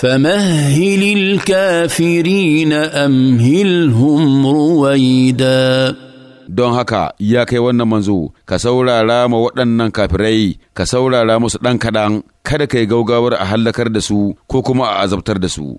فمهل الكافرين أمهلهم رويدا don haka ya kai wannan manzo ka saurara ma waɗannan kafirai ka saurara musu ɗan kaɗan kada ka yi gaugawar a hallakar da su ko kuma a azabtar da su